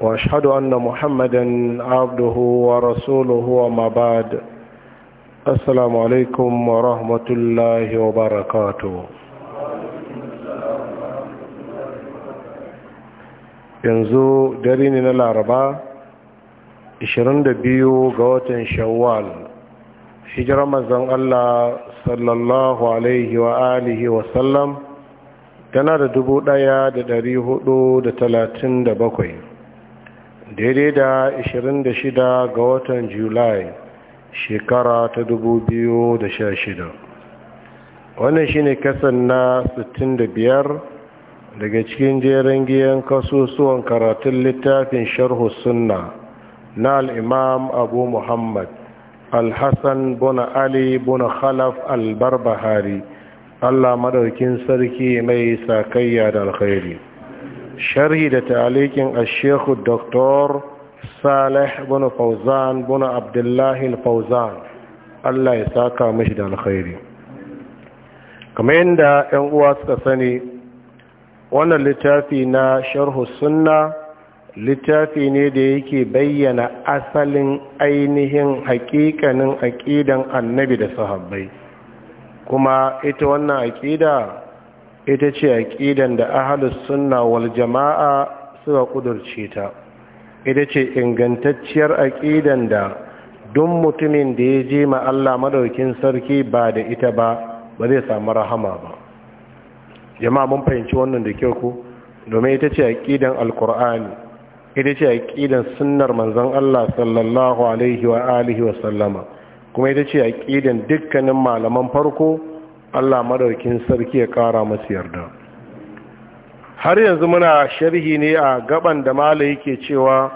واشهد ان محمدا عبده ورسوله وما بعد السلام عليكم ورحمه الله وبركاته yanzu dare ne na laraba 22 ga watan shawwal hijirar mazan allah sallallahu alaihi wa alihi sallam, tana da 1437 daidai da 26 ga watan julai shekara ta 2016 wannan shine kasan na 65 daga cikin jerin giyan kasusuwan karatun littafin sharhu sunna na al'imam abu muhammad alhassan buna ali buna khalaf albarbahari allah madaukin sarki mai sakayya da alkhairi sharhi da talikin ashekhu doktor salih bin fauzan bin abdullahi fauzan allah ya saka mashi da alkhairi kamar yadda 'yan uwa suka sani wannan littafi na sharhu sunna littafi ne da yake bayyana asalin ainihin hakikanin aƙidan annabi da sahabbai kuma ita wannan aƙida ita ce aƙidan da ahalus sunna wal jama'a suka kudurce ta ita ce ingantacciyar aƙidan da duk mutumin da ya je ma Allah madaukin sarki ba da ita ba ba zai samu rahama ba jama'a mun fahimci wannan da kyau ku domin ita ce aƙidan alkur'ani ita ce aƙidan sunnar manzon Allah sallallahu alaihi wa alihi wa sallama kuma ita ce aƙidan dukkanin malaman farko Allah madaukin sarki ya kara masu yarda har yanzu muna sharhi ne a gaban da mala yake cewa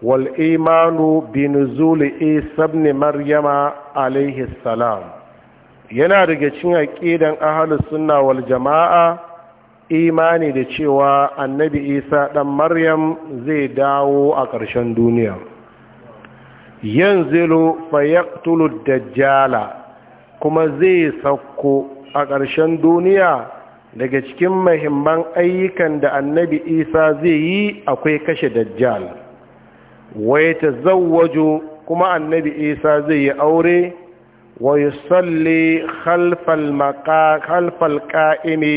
wal imanu bi nuzuli isa ibn maryama alaihi salam yana daga cikin aqidan ahlus sunna wal jamaa imani da cewa annabi isa dan maryam zai dawo a ƙarshen duniya yanzilu fayaqtulu dajjala kuma zai sauko a ƙarshen duniya daga cikin mahimman ayyukan da annabi isa zai yi akwai kashe dajjal wai ta zawajo kuma annabi isa zai yi aure wa salli halfal ka'imi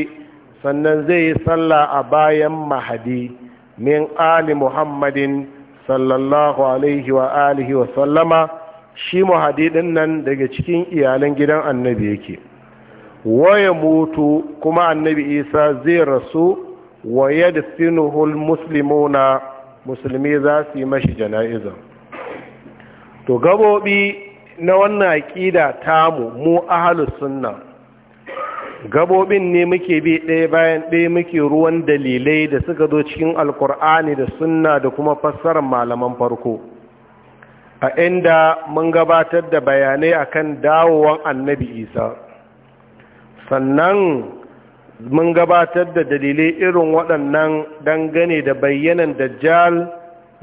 sannan zai yi salla a bayan mahadi min ali muhammadin sallallahu alaihi wa alihi wa sallama shi mahadi din nan daga cikin iyalan gidan annabi yake waya mutu kuma annabi isa zai rasu wa yadfinuhul muslimuna musulmi za su yi mashi jana'iza to gabobi na wannan aqida tamu mu ahlus sunna gabobin ne muke bi ɗaya bayan ɗaya muke ruwan dalilai da suka zo cikin alkur'ani da sunna da kuma fassarar malaman farko a inda mun gabatar da bayanai akan dawowan annabi isa sannan mun gabatar da dalilai irin waɗannan dangane da bayyanan dajjal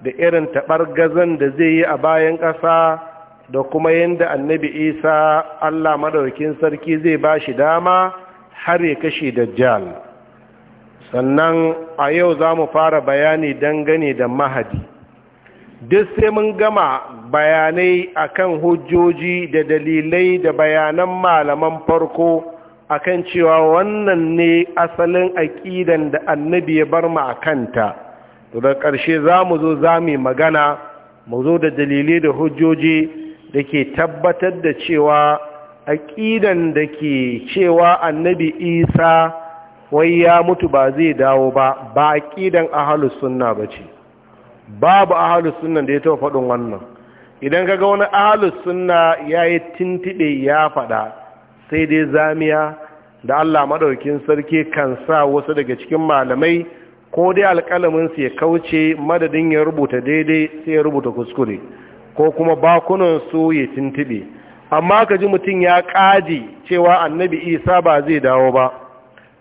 da irin taɓar gazan da zai yi a bayan ƙasa da kuma yadda annabi isa allah maɗaukin sarki zai ba shi dama har ya kashe dajjal sannan a yau za mu fara bayani dangane da mahadi duk sai mun gama bayanai akan hujjoji da dalilai da bayanan malaman farko akan cewa wannan ne asalin aƙidan da annabi ya bar mu a kanta to da ƙarshe za mu zo za mu magana mu zo da dalilai da hujjoji da ke tabbatar da cewa aƙidan da ke cewa annabi isa wai ya mutu ba zai dawo ba ba aƙidan a sunna ba ce babu ahalus sunna da ya taɓa faɗin wannan idan ka ga wani ahalus sunna ya yi tintiɗe ya faɗa sai dai zamiya da allah maɗaukin sarki kan sa wasu daga cikin malamai ko dai alƙalamin su ya kauce madadin ya rubuta daidai sai ya rubuta kuskure ko kuma bakunan su ya tintiɗe amma ka ji mutum ya ƙaji cewa annabi isa ba zai dawo ba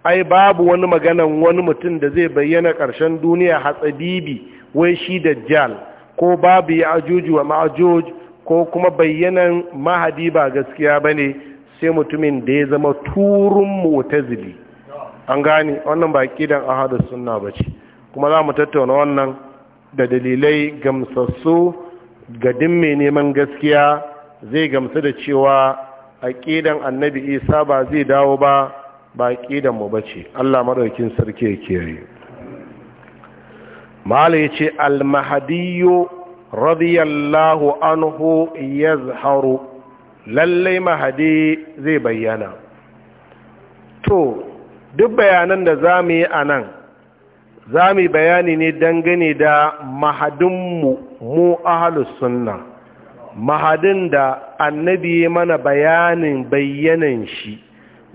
ai babu wani maganan wani mutum da zai bayyana ƙarshen duniya hatsabibi wai shi dajjal ko babu ya ajuju wa ma'ajuj ko kuma bayyanan mahadi ba gaskiya ba ne sai mutumin da ya zama turun mutazili an gane wannan ba kidan ahadu sunna ba ce kuma za mu tattauna wannan da dalilai gamsassu ga mai neman gaskiya zai gamsu da cewa a aƙidan annabi isa ba zai dawo ba ba mu bace Allah maɗaukin sarki ya kiyaye mala ya ce almahadiyo radiyallahu anhu ya zaharu lallai mahadi zai bayyana to duk bayanan da za mu yi a nan za mu bayani ne dangane da mahadinmu mu ahalus sunna mahadin da annabi mana bayanin bayyanan shi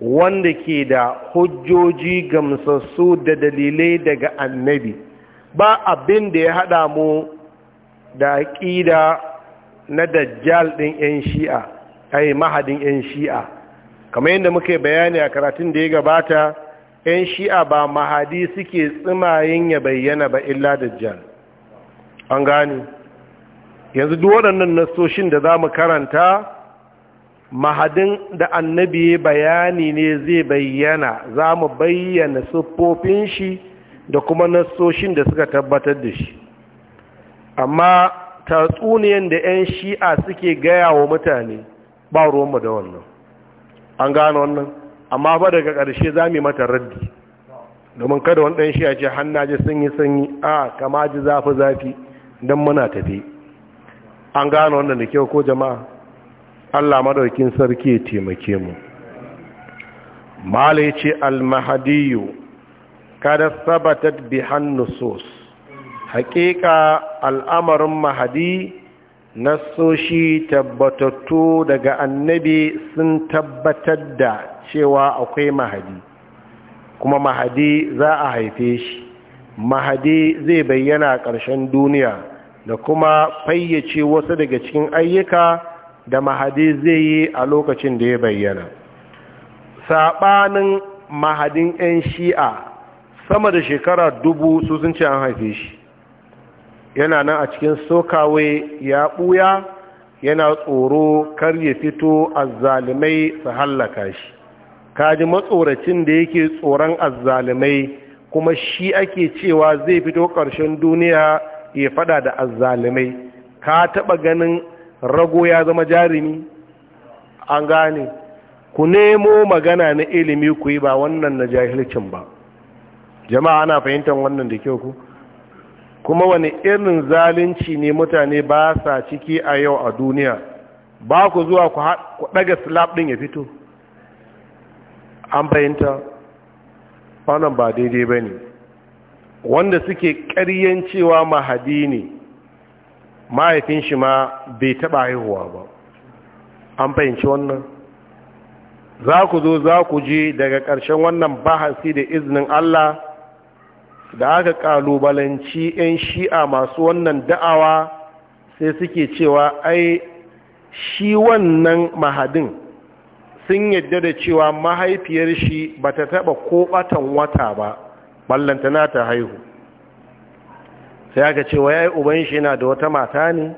wanda ke da hujjoji gamsassu da dalilai daga annabi ba abin da ya haɗa mu da aƙida na dajjal ɗin 'yan shi'a ai mahadin 'yan shi'a kamar yadda muka bayani a karatun da ya gabata 'yan shi'a ba mahadi suke tsimayen ya bayyana ba illa dajjal an gani yanzu duk waɗannan nasoshin da za mu karanta mahadin da annabi bayani ne zai bayyana za mu bayyana siffofin shi da kuma nassoshin da suka tabbatar da shi amma tatsuniyan da 'yan shi'a suke gaya wa mutane ba ruwanmu da wannan an gano wannan amma ba daga ƙarshe za mu yi mata raddi domin kada wani ɗan shi'a ce ji sanyi-sanyi a kama ji zafi-zafi don muna tafi an gano wannan da kyau ko jama'a allah madaukin sarki ya taimake mu malai ce al mahadiyu kada sabatat bi nusus haƙiƙa al'amarin mahadi na soshi tabbatattu daga annabi sun tabbatar da cewa akwai mahadi kuma mahadi za a haife shi mahadi zai bayyana ƙarshen duniya da kuma fayyace wasu daga cikin ayyuka da mahadi zai yi a lokacin da ya bayyana saɓanin mahadin 'yan shi'a sama da shekara dubu su sun ce an haife shi yana nan a cikin sokawe ya ɓuya yana tsoro kar ya fito azzalumai su hallaka shi Ka ji matsoracin da yake tsoron azzalumai kuma shi ake cewa zai fito ƙarshen duniya ya fada da azzalumai? ka taɓa ganin rago ya zama jarumi an gane ku nemo magana na ilimi ku yi ba wannan na jahilcin ba jama'a ana fahimtar wannan da kyau ku kuma wani irin zalunci ne mutane ba sa ciki a yau a duniya ba ku zuwa ku daga slab din ya fito an fahimta wannan ba daidai ba ne wanda suke ƙaryen cewa mahadi ne mahaifin shi ma bai taɓa haihuwa ba an fahimci wannan za ku zo za ku je daga ƙarshen wannan bahasi da izinin Allah da aka kalubalanci 'yan shi'a masu wannan da'awa sai suke cewa ai shi wannan mahadin sun yadda da cewa mahaifiyar shi ba ta taba ko batan wata ba na ta haihu sai aka ce wa yi uban shi yana da wata mata ne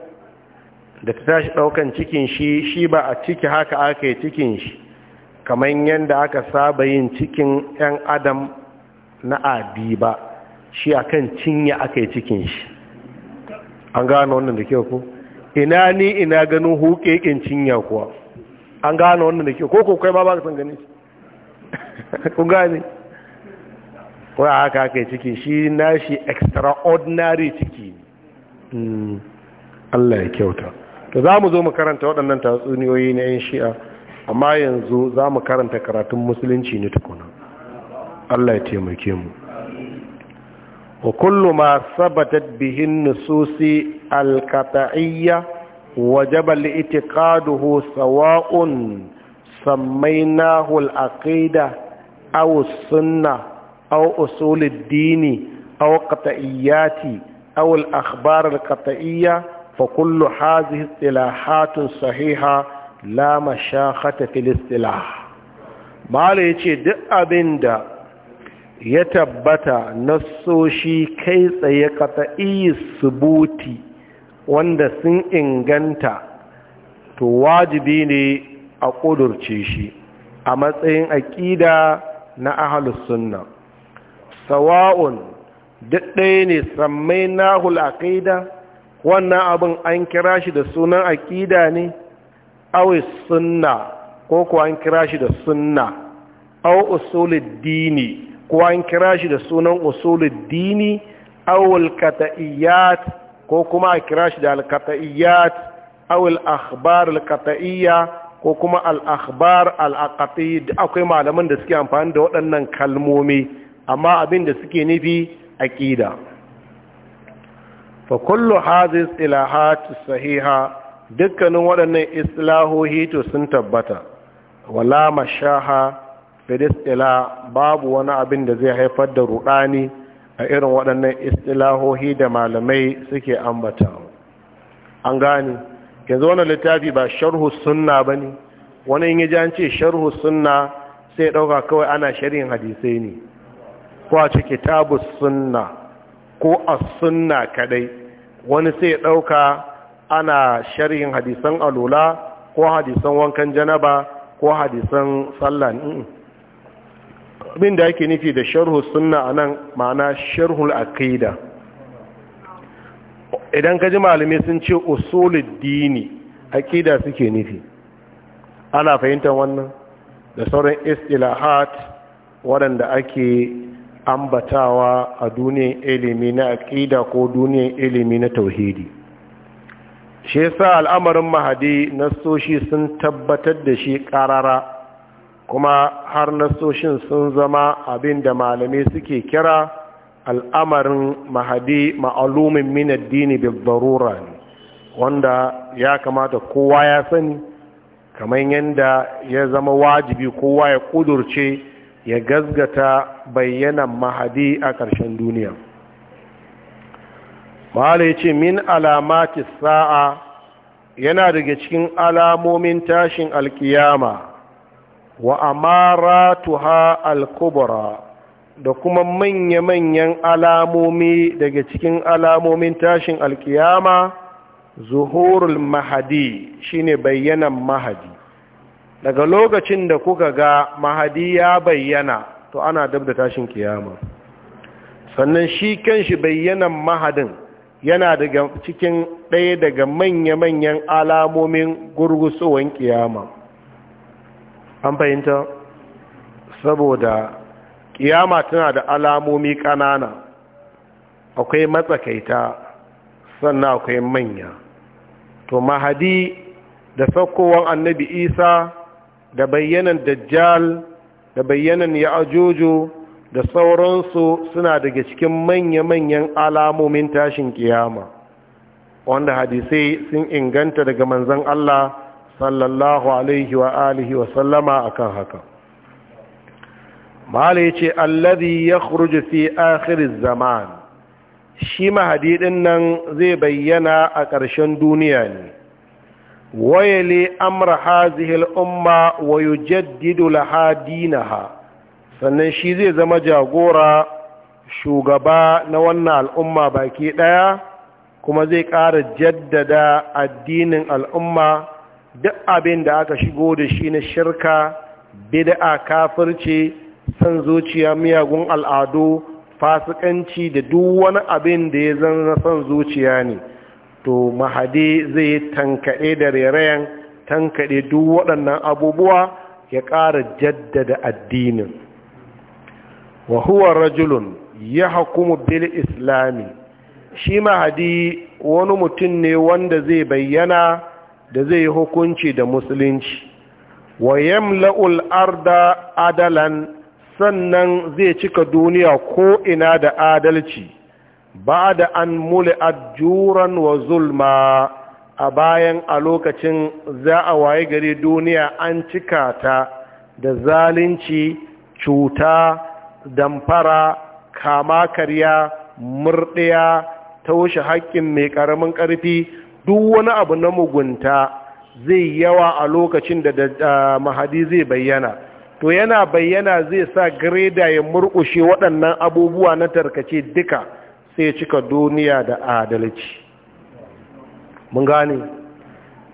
da ta tashi ɗaukan cikin shi shi ba a ciki haka aka yi cikin shi kamar yadda aka saba yin cikin 'yan adam na abi ba shi akan cinye aka yi cikin shi an gane wannan da kyau ko ina ni ina ganin hukekin cinya kuwa an gane wannan da kyau ko ko kai ma ba ka san gane shi kun gane wai haka aka yi ciki shi na shi extraordinary ciki hmm. Allah ya kyauta to za mu zo mu karanta waɗannan tatsuniyoyi na yin shi'a amma yanzu za mu karanta karatun musulunci ne tukuna Allah ya taimake mu wa kullu ma sabatat bihin nususi alqat'iyya wajaba li'tiqaduhu sawa'un sammaynahu al-aqida aw as-sunnah aw usul ad-din aw qat'iyyati aw al-akhbar al-qat'iyya fa kullu hadhihi istilahatun sahiha la mashakata fil istilah mala yace duk abinda ya tabbata na nassoshi kai tsaye iya subuti wanda sun inganta to wajibi ne a ƙudurce shi a matsayin aƙida na ahalus sunna sawa'un duk ɗaya ne sammai nahul aƙida wannan abin an kira shi da sunan aƙida ne awai sunna ko kuwa an kira shi da sunna au usulid dini ko an kira shi da sunan usuluddini awul kata'iyat ko kuma a kira shi da alkata'iyat awul akhbar alkata'iyya ko kuma al-ahbar al-akhbar al da akwai malaman da suke amfani da waɗannan kalmomi amma abin da suke nufi aƙida fa kullu hadhihi istilahat sahiha dukkanin waɗannan islahohi to sun tabbata wala mashaha filistila babu wani abin da zai haifar da rudani a irin waɗannan istilahohi da malamai suke ambata an gane yanzu wani littafi ba sharhu sunna ba ne wani yin ji ce sharhu sunna sai ɗauka kawai ana sharhin hadisai ne ko a ce kitabu sunna ko a sunna kadai wani sai ɗauka ana sharhin hadisan alula ko hadisan wankan janaba ko hadisan sallan abin da yake nufi da sharhu sunna anan ma'ana sharhul aqida idan ka ji malamai sun ce usulul dini aqida suke nufi ana fahimtar wannan da sauran istilahat waɗanda ake ambatawa a duniyar ilimi na aƙida ko duniyar ilimi na tauhidi shi yasa al'amarin mahadi na soshi sun tabbatar da shi ƙarara kuma har nasoshin sun zama abin da malamai suke kira al'amarin mahadi ma'alumin min addini zarura ne, wanda ya kamata kowa ya sani kamar yadda ya zama wajibi kowa ya kudurce ya gazgata bayyanan mahadi a ƙarshen duniya mahala ce min alamati sa'a yana daga cikin alamomin tashin alkiyama wa amaratuha al-kubra da kuma manya-manyan alamomi daga cikin alamomin tashin alkiyama zuhurul mahadi shine bayyanan mahadi daga lokacin da kuka ga mahadi ya bayyana to ana dab da tashin kiyama sannan shi kanshi bayyanan mahadin yana daga cikin ɗaya daga manya-manyan alamomin gurgusuwan kiyama an fahimta saboda kiyama tana da alamomi ƙanana akwai matsakaita sannan akwai manya to mahadi da saukowar annabi isa da bayyanan dajjal da bayyanan ya'ajojo da sauransu suna daga cikin manya-manyan alamomin tashin kiyama wanda hadisai sun inganta daga manzan Allah sallallahu alaihi wa alihi wa sallama akan haka mahala ya ce allazi ya fi akhirin zaman shi mahadidin nan zai bayyana a ƙarshen duniya ne wayale amra hazihil umma wa yujaddidu laha dinaha sannan shi zai zama jagora shugaba na wannan al'umma baki ɗaya kuma zai ƙara jaddada addinin al'umma duk abin da aka shigo da shi na shirka bid'a kafirce san zuciya miyagun al'adu fasikanci da duk wani abin da ya zama san zuciya ne to mahadi zai tankade da rairayen tankade duk waɗannan abubuwa ya ƙara jaddada addinin wa huwa rajulun ya hukumu bil islami shi mahadi wani mutum ne wanda zai bayyana da zai yi hukunci da musulunci wa yamla'ul arda adalan sannan zai cika duniya ko ina da adalci ba da an muli juran wa zulma a bayan a lokacin za a waye gari duniya an cika ta da zalunci cuta damfara kama karya ta taushe haƙƙin mai ƙaramin ƙarfi duk wani abu na mugunta zai yawa a lokacin da mahadi zai bayyana to yana bayyana zai sa greda ya murƙushe waɗannan abubuwa na tarkace duka sai cika duniya da adalci mun gane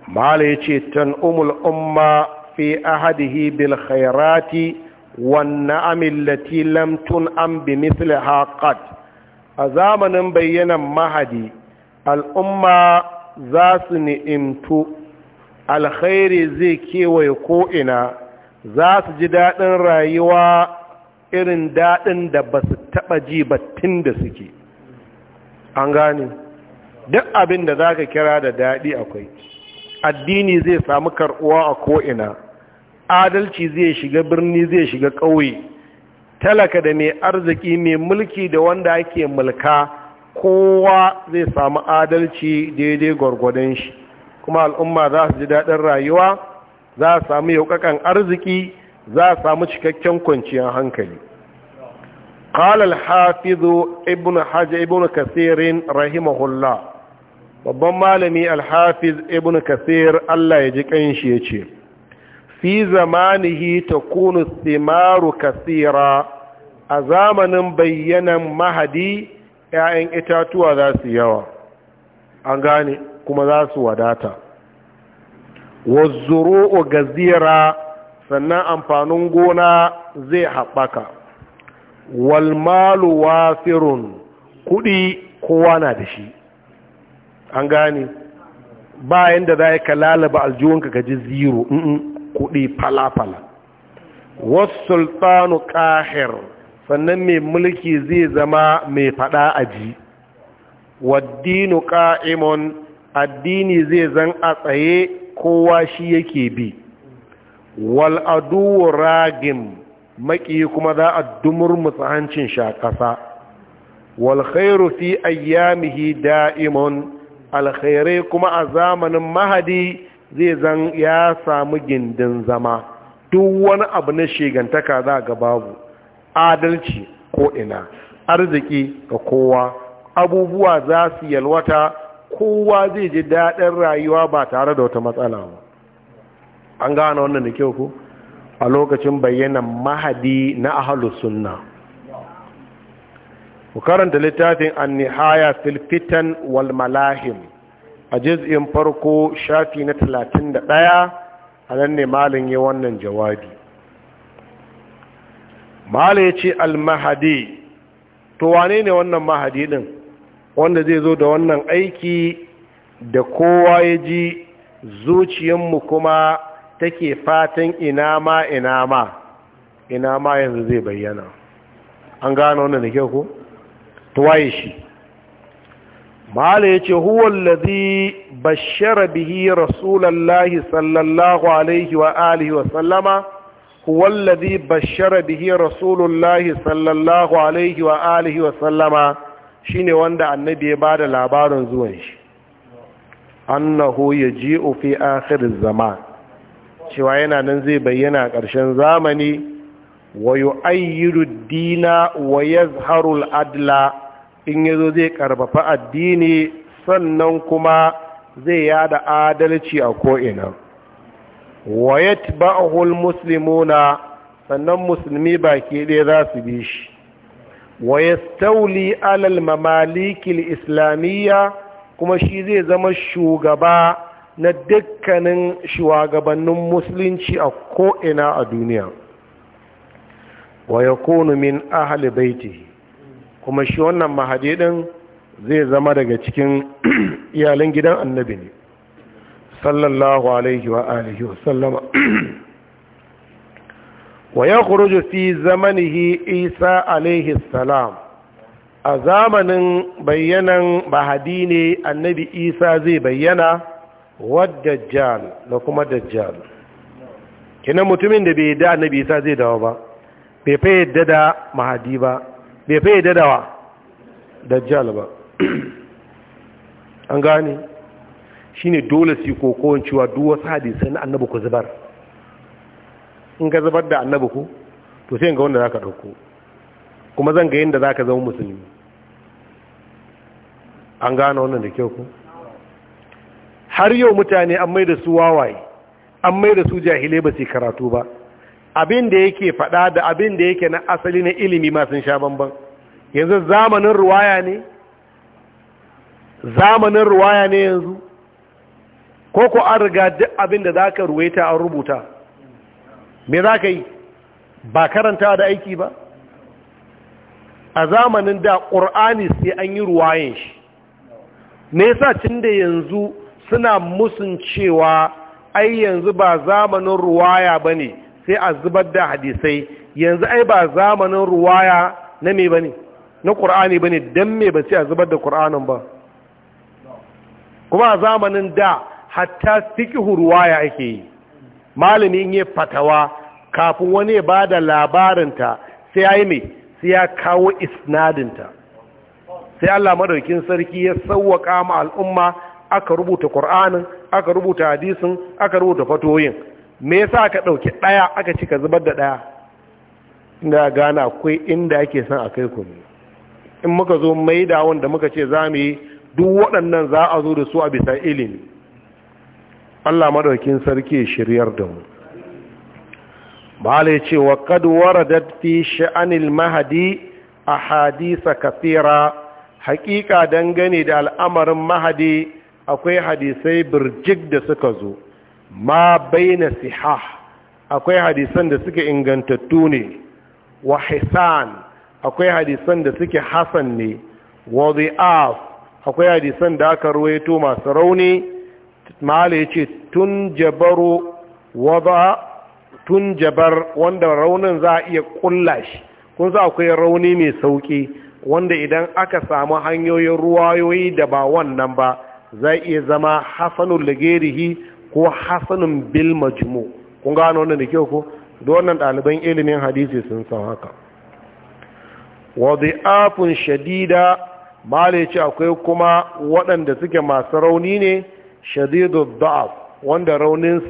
mala ya ce tan umul umma fi ahadihi bil khairati wanna amillati lati tun an bi mithliha qad a zamanin bayyanan mahadi al'umma za su ni'imtu alkhairi zai kewaye ko'ina za su ji daɗin rayuwa irin daɗin da ba su taɓa ji tun da suke an gane duk abin da za ka kira da daɗi akwai addini zai samu karɓuwa a ko'ina adalci zai shiga birni zai shiga ƙauye talaka da mai arziki mai mulki da wanda ake mulka kowa zai samu adalci daidai gwargwadon shi kuma al'umma za su ji daɗin rayuwa za su samu yaukakan arziki za su samu cikakken kwanciyar hankali قال hafizu ibn hajji ibn كثير رحمه babban malami alhafiz ibn kasir Allah ya ji ƙanshi ya ce fi zamanihi ta kunu simaru kasira a zamanin bayyanan mahadi 'ya'yan itatuwa za su yawa an gane kuma za su wadata wazzuro gazira sannan amfanin gona zai haɓaka walmalu wasirun kuɗi kowa na da shi an gane bayan da za ka lalaba aljihunka ka ji ziro kuɗi fala-fala wasu sultanu ƙahir sannan mai mulki zai zama mai fada aji waddinu qa'imun addini zai zan a tsaye kowa shi yake bi wal aduwu ragim maki kuma za a dumurmutsa hancin sha ƙasa wal khairu fi ayyamihi da'imun alkhairai kuma a zamanin mahadi zai zan ya samu gindin zama duk wani abu na shigantaka za ga babu adalci ko ina arziki ga kowa abubuwa za su yalwata kowa zai ji daɗin rayuwa ba tare da wata matsala ba an gane wannan da kyau ku a lokacin bayyana mahadi na ahalus sunna ku karanta littafin an-nihaya walmalahim wal malahim a jiz'in farko shafi na 31 a nan ne malin yi wannan jawabi mahala ya ce al-mahadi to wane ne wannan mahadi din wanda zai zo da wannan aiki da kowa ya ji zuciyanmu kuma take fatan ina ma ina ma ina ma yanzu zai bayyana an gano wannan da kyau ko to waye shi mahala ya ce huwallazi bashara bihi rasulallahi sallallahu alaihi wa alihi wa sallama huwallazi bashara bihi rasulullahi sallallahu alaihi wa wa sallama shine wanda annabi ya bada labarin zuwan shi annahu yaji'u fi akhir zaman cewa yana nan zai bayyana a ƙarshen zamani wa yu'ayyidu dina wa yazharu al-adla in yazo zai karbafa addini sannan kuma zai yada adalci a ko'ina wa yatba'uhu almuslimuna sannan musulmi baki ɗaya za su bi shi wa yastawli alal mamalikil islamiyya kuma shi zai zama shugaba na dukkanin shugabannin musulunci a ko'ina a duniya wa yakunu min ahli baiti kuma shi wannan mahadi din zai zama daga cikin iyalan gidan annabi ne sallallahu alaihi wa alihi wa sallama wa ya kuruju fi zamanihi isa alaihi salam a zamanin bayyanan bahadi ne annabi isa zai bayyana wadda jal da kuma dajjal kinan mutumin da bai da annabi isa zai dawo ba bai fa yadda da mahadi ba bai fa yadda da wa dajjal ba an gane shine dole su yi kokowar cewa duk wasu hadisai na annabu ku zubar in ka zubar da annabu ku to sai ga wanda za ka ɗauko kuma zan ga yadda za ka zama musulmi an gane wannan da kyau ku har yau mutane an mai da su wawaye an mai da su jahilai ba su karatu ba abin da yake faɗa da abin da yake na asali na ilimi ma sun sha bamban yanzu zamanin ruwaya ne zamanin ruwaya ne yanzu ko ku an riga duk abin da za ka ruwaita an rubuta me za ka yi ba karanta da aiki ba a zamanin da ƙur'ani sai an yi ruwayen shi me yasa tun da yanzu suna musun cewa ai yanzu ba zamanin ruwaya ba ne sai a zubar da hadisai yanzu ai ba zamanin ruwaya na me ba ne na ƙur'ani ba ne don me ba sai a zubar da ƙur'anin ba kuma a zamanin da hatta fikihu ruwaya ake yi malami in yi fatawa kafin wani ya da labarinta sai ya yi mai sai ya kawo isnadinta sai Allah madaukin sarki ya sauwaka ma al'umma aka rubuta Qur'anin aka rubuta hadisin aka rubuta fatoyin me yasa aka ɗauki ɗaya aka cika zubar da ɗaya? Ina gana akwai inda ake son a kai ku in muka zo maida wanda muka ce za mu yi duk waɗannan za a zo da su a bisa ilimi Allah madaukin sarki shiryar da mu malai ce wa qad waradat fi sha'anil mahadi hadisa kathira Haƙiƙa dangane da al'amarin mahadi akwai hadisai birjik da suka zo ma baina sihah akwai hadisan da suke ingantattu ne wa hisan akwai hadisan da suke hasan ne wa dhi'af akwai hadisan da aka ruwaito masu rauni mala ya tun jabaru wada tun jabar wanda raunin za a iya kulla shi kun za akwai rauni mai sauki wanda idan aka samu hanyoyin ruwayoyi da ba wannan ba zai iya zama hasanun lagerihi ko hasanun bil majmu kun gano wannan da kyau ko da wannan ɗaliban ilimin hadisi sun san haka wadi'afun shadida mala akwai kuma waɗanda suke masu rauni ne shadidu da'af wanda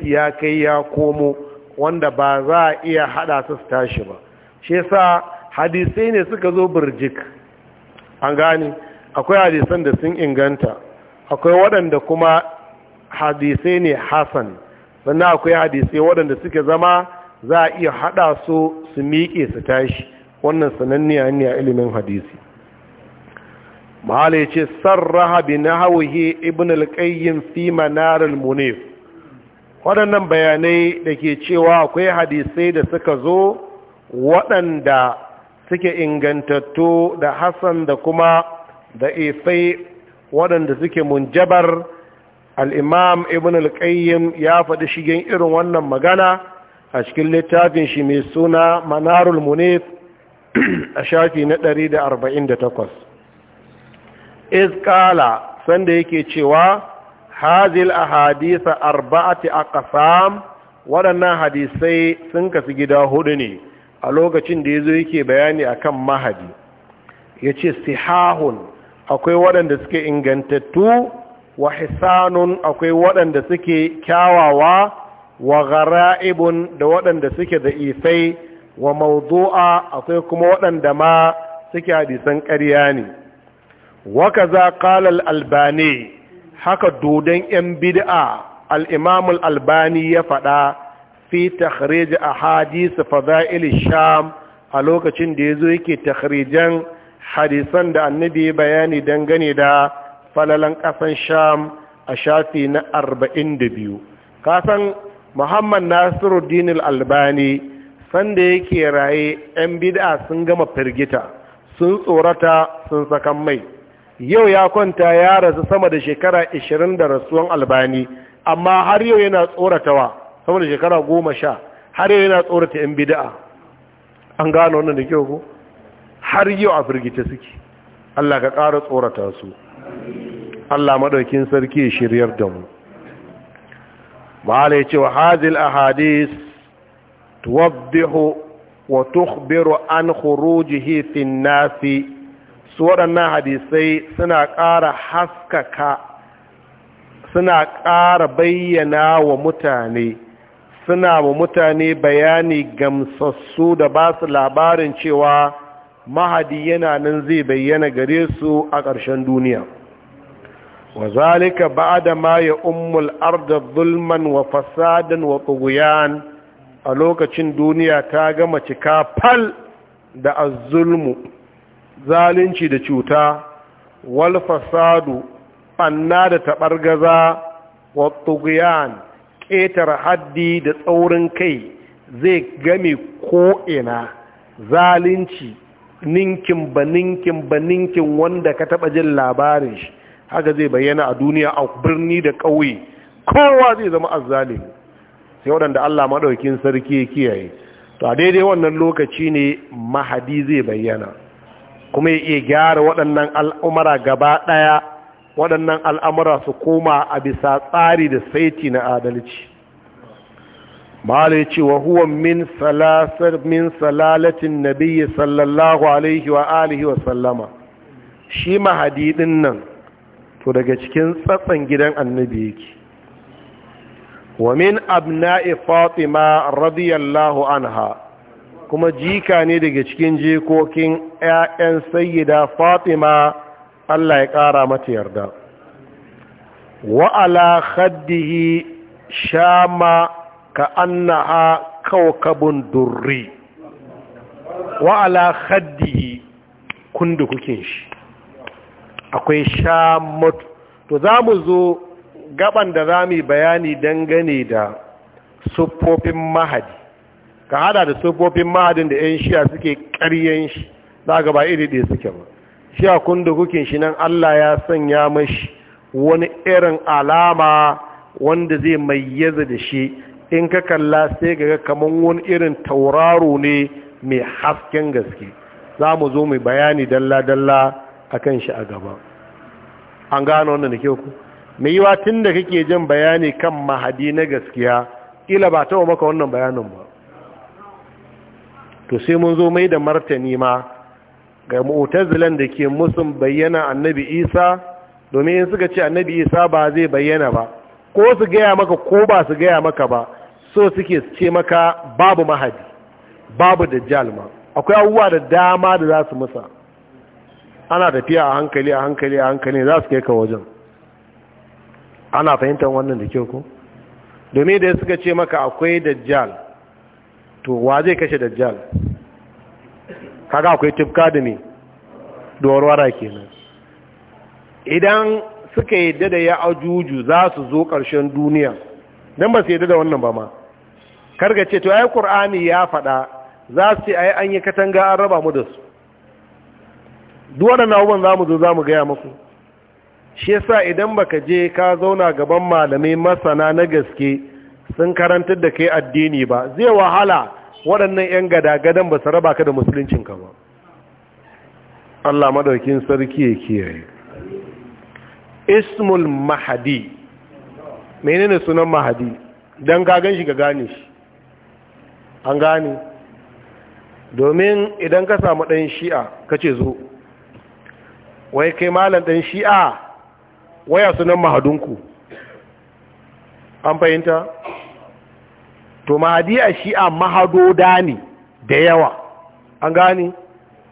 su ya kai ya komo wanda ba za a iya hada su tashi ba shi yasa hadisai ne suka zo birjik an gani akwai hadisan da sun inganta akwai waɗanda kuma hadisai ne hasan sannan akwai hadisai waɗanda suke zama za a iya hada su su miƙe su tashi wannan sananniya ne a ilimin hadisi mahala ya ce sarraha bi na hauhe ibn alƙayyin fi manarar munif waɗannan bayanai da ke cewa akwai hadisai da suka zo waɗanda suke ingantattu da hassan da kuma da efai waɗanda suke munjabar al'imam ibn alƙayyin ya faɗi shigen irin wannan magana a cikin littafin shi mai suna manarul munif a shafi na ɗari da da takwas. kala sanda yake cewa hazil ahadisa arba'ati a ƙasa, waɗannan hadisai sun kasu gida hudu ne a lokacin da yazo yake bayani akan mahadi yace sihahun akwai waɗanda suke ingantattu wa hisanun akwai waɗanda suke kyawawa wa gharaibun da waɗanda suke da ifai wa mawdu'a akwai kuma waɗanda ma suke hadisan ƙarya ne waka za kalal albani haka dodon 'yan bid'a al'imamul albani ya faɗa fi takhrij a hadisa faza’il sham a lokacin da ya zo yake takhrijan hadisan da annabi bayani dangane da falalan ƙasan sham a shafi na arba'in da 42 kasan muhammad nasiruddin albani sanda yake raye 'yan bid'a sun gama firgita sun tsorata sun sakan mai yau ya kwanta ya rasu sama da shekara 20 da rasuwan albani amma har yau yana tsoratawa sama da shekara 10 har yau yana tsorata yan bid'a an gano wannan da kyau ko har yau a firgita suke Allah ka ƙara tsorata su Allah madaukin sarki ya shiryar da mu ma'ala ya ce wa hadil ahadis tuwaddihu wa tukhbiru an khurujihi fi nasi su waɗannan hadisai suna ƙara haskaka suna ƙara bayyana wa mutane suna wa mutane bayani gamsassu da ba su labarin cewa mahadi yana nan zai bayyana gare su a ƙarshen duniya wa zalika da ma ya umul arda zulman wa fasadin wa a lokacin duniya ta gama cika fal da az zalunci da cuta wal fasadu banna da tabargaza wa tughyan ƙetar haddi da tsaurin kai zai game ko'ina zalunci ninkin ba ninkin ba ninkin wanda ka taɓa jin labarin shi haka zai bayyana a duniya a birni da ƙauye kowa zai zama azzalimi sai waɗanda Allah maɗaukin sarki ya kiyaye to a daidai wannan lokaci ne mahadi zai bayyana kuma ya iya gyara waɗannan al'umara gaba ɗaya waɗannan al'amura su koma a bisa tsari da saiti na adalci malai ya ce wa huwa min salasar min salalatin nabiya sallallahu alaihi wa alihi wa sallama shi mahadi nan to daga cikin tsatsan gidan annabi yake wa min abna'i fatima radiyallahu anha kuma jika ne daga cikin jikokin 'ya'yan sayida fatima Allah ya ƙara mata yarda wa'ala khaddihi shama ka annaha kawkabun durri wa'ala khaddihi kundu kukin shi akwai shamatu to za mu zo gaban da za mu bayani dangane da siffofin mahadi ka hada da sufofin mahadin da 'yan shiya suke ƙaryen shi za ga ba iri ɗaya suke ba shiya hukin shi nan allah ya sanya mashi wani irin alama wanda zai mayyaza da shi in ka kalla sai ga kamar wani irin tauraro ne mai hasken gaske za mu zo mai bayani dalla-dalla a kan shi a gaba an gano wannan da ke ku mai yiwa tun da kake jan bayani kan mahadi na gaskiya ƙila ba taɓa maka wannan bayanin ba to sai mun zo mai da martani ma ga mu'tazilan da ke musun bayyana annabi isa domin in suka ce annabi isa ba zai bayyana ba ko su gaya maka ko ba su gaya maka ba so suke ce maka babu mahadi babu dajjal ma akwai abubuwa da dama da za su musa ana tafiya a hankali a hankali a hankali za su kai ka wajen ana fahimtar wannan da kyau ko domin da suka ce maka akwai dajjal to wa zai kashe dajjal kaga akwai tufka da ne dorwara kenan idan suka yadda da ya ajuju za su zo ƙarshen duniya don ba su yadda da wannan ba ma karga ce to ai ƙur'ani ya faɗa za su ce ai an yi katanga an raba mu da su duwada na abubuwan za mu zo za mu gaya maku. shi yasa idan baka je ka zauna gaban malamai masana na gaske sun karantar da kai addini ba zai wahala waɗannan 'yan gada-gadan ba su raba ka da musuluncinka ba Allah madaukin sarki ya kiyaye ismul mahadi menene sunan mahadi don gagan shi ga gane shi an gane domin idan ka samu ɗan shi'a ka ce zo wai kai malam ɗan shi'a waya sunan mahadunku an fahimta to mahadi a shi'a mahadoda ne da yawa an gane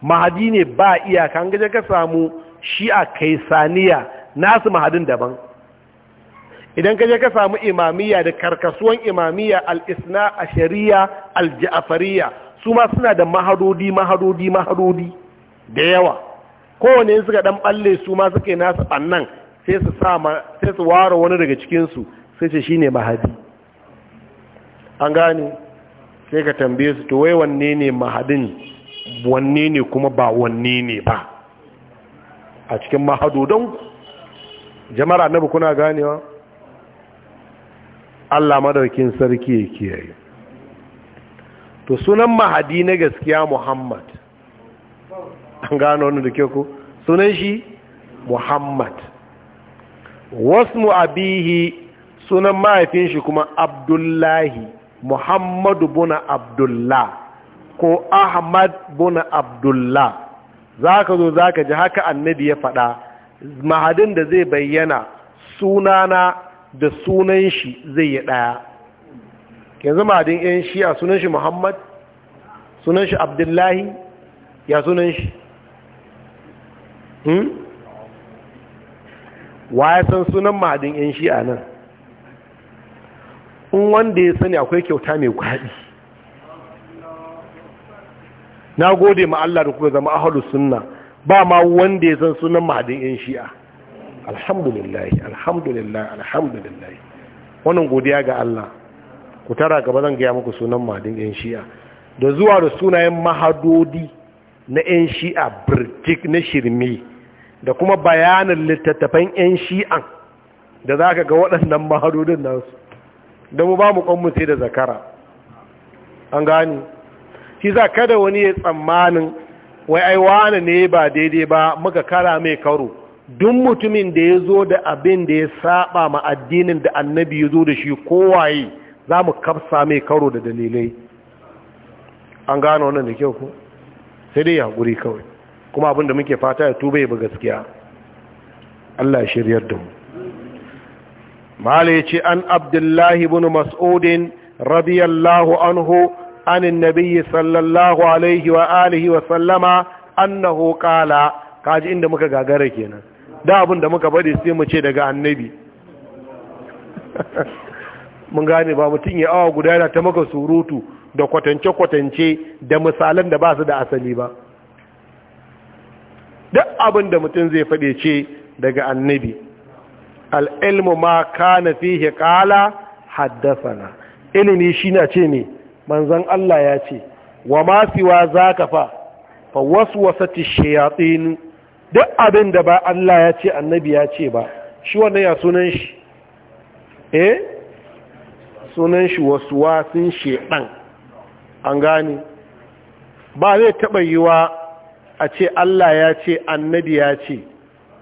mahadi ne ba iyaka an gaje ka samu shi'a kai kaisaniya nasu mahadin daban idan ka ka samu imamiyya da karkasuwan imamiyya al-isna a shari'a al jafariya su ma suna da mahadodi mahadodi mahadodi da yawa kowane suka dan balle su ma suke nasu bannan sai su sa sai su ware wani daga cikin su sai ce shi ne mahadi an gane sai ka tambaye su to wai wanne ne mahadin wanne ne kuma ba wanne ne ba a cikin mahadodan jama'ar bukuna kuna ganewa Allah madaukin sarki ya kiyaye to sunan mahadi na gaskiya Muhammad an gano wani da ke sunan shi Muhammad wasmu abihi sunan mahaifin shi kuma abdullahi muhammadu buna abdullah ko ahmad buna abdullah za ka zo za ka ji haka annabi ya faɗa mahadin da zai bayyana sunana da sunan shi zai yi ɗaya yanzu mahadin yan shi'a sunan shi muhammad sunan shi abdullahi ya sunan shi hmm? wa ya san sunan mahadin yan shi'a nan in wanda ya sani akwai kyauta mai kwaɗi. na gode ma Allah da kuka zama ahalus sunna ba ma wanda ya san sunan mahadin yan shi'a Alhamdulillahi, Alhamdulillahi, Alhamdulillahi. wannan godiya ga Allah ku tara gaba zan gaya muku sunan mahadin yan shi'a da zuwa da sunayen mahadodi na yan shi'a birtik na shirme da kuma bayanan littattafan yan shi'an da za ka ga waɗannan mahadodin nasu da mu ba mu kwanmu sai da zakara an gani shi za kada wani ya tsammanin wai aiwana ne ba daidai ba muka kara mai karo duk mutumin da ya zo da abin da ya saba ma addinin da annabi ya zo da shi kowaye za mu kafsa mai karo da dalilai an gano wannan da kyau ku sai dai ya haƙuri kawai kuma abin da muke fata ya tuba ya bi gaskiya Allah ya shiryar da mu mala ce an abdullahi bin mas'udin radiyallahu anhu عن sallallahu alaihi wa alihi wa وسلم أنه قال kaji inda muka gagara kenan da abin da muka bari sai mu ce daga annabi mun gane ba mutum ya awa guda yana ta maka surutu da kwatance-kwatance da misalan da ba su da asali ba duk abin da mutum zai fade ce daga annabi al'ilmu ma kana fihi haddasa na. ilimi shi na ce ne manzan Allah ya ce wa ma za ka fa fa wasu waswasati shayatin duk abin da ba Allah ya ce annabi ya ce ba shi wannan ya sunan shi eh sunan shi waswasin shedan an gane ba zai yi yiwa a ce Allah ya ce annabi ya ce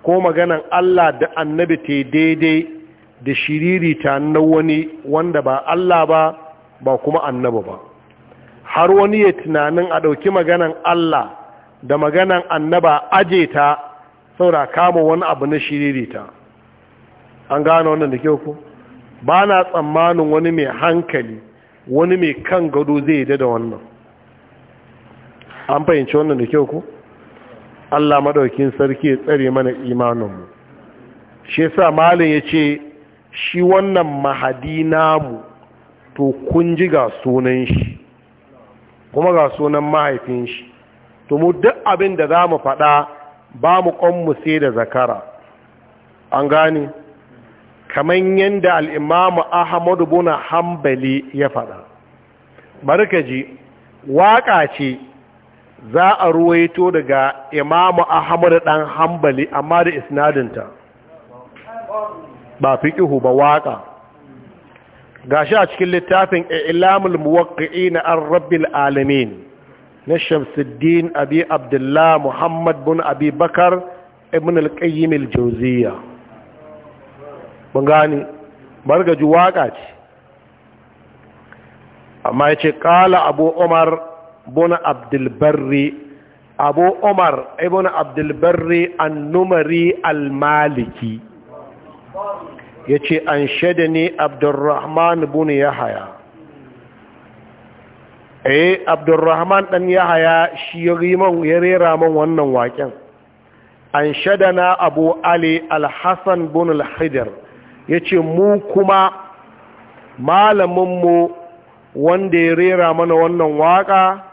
ko maganan Allah da annabi te daidai da shiriri ta na wani wanda ba Allah ba ba kuma annabi ba har wani ya tunanin a ɗauki maganan Allah da maganan annaba aje ta saura kama wani abu na shiriri ta an gano wannan da kyau ku ba na tsammanin wani mai hankali wani mai kan gado zai yi da wannan an fahimci wannan da kyau ku Allah madaukin sarki ya tsare mana imaninmu shi yasa malin yace shi wannan mahadi namu to kun ji ga sunan shi kuma ga sunan mahaifin shi to mu duk abin da za mu faɗa ba mu mu sai da zakara an gane yanda al al'imamu ahmadu buna hambali ya faɗa barkaji waƙa ce za a ruwaito daga imamu ahmad ɗan hambali amma da isnadinta ba fi ihu ba waka shi a cikin littafin ilamul na an rabbil alamin na shamsuddin abi abdullah muhammad bin abi bakar ibn al-qayyim al-jawziya mun gani waka ce amma ya ce ƙala abu umar bin abdulbarri abu umar ibn abdulbarri annumari almaliki ya ce an shaida ne abdurrahman bin yahaya eh abdurrahman dan yahaya shi riman ya rera man wannan waken an shadana abu ali alhassan bin al-hidr yace mu kuma malamin mu wanda ya rera mana wannan waka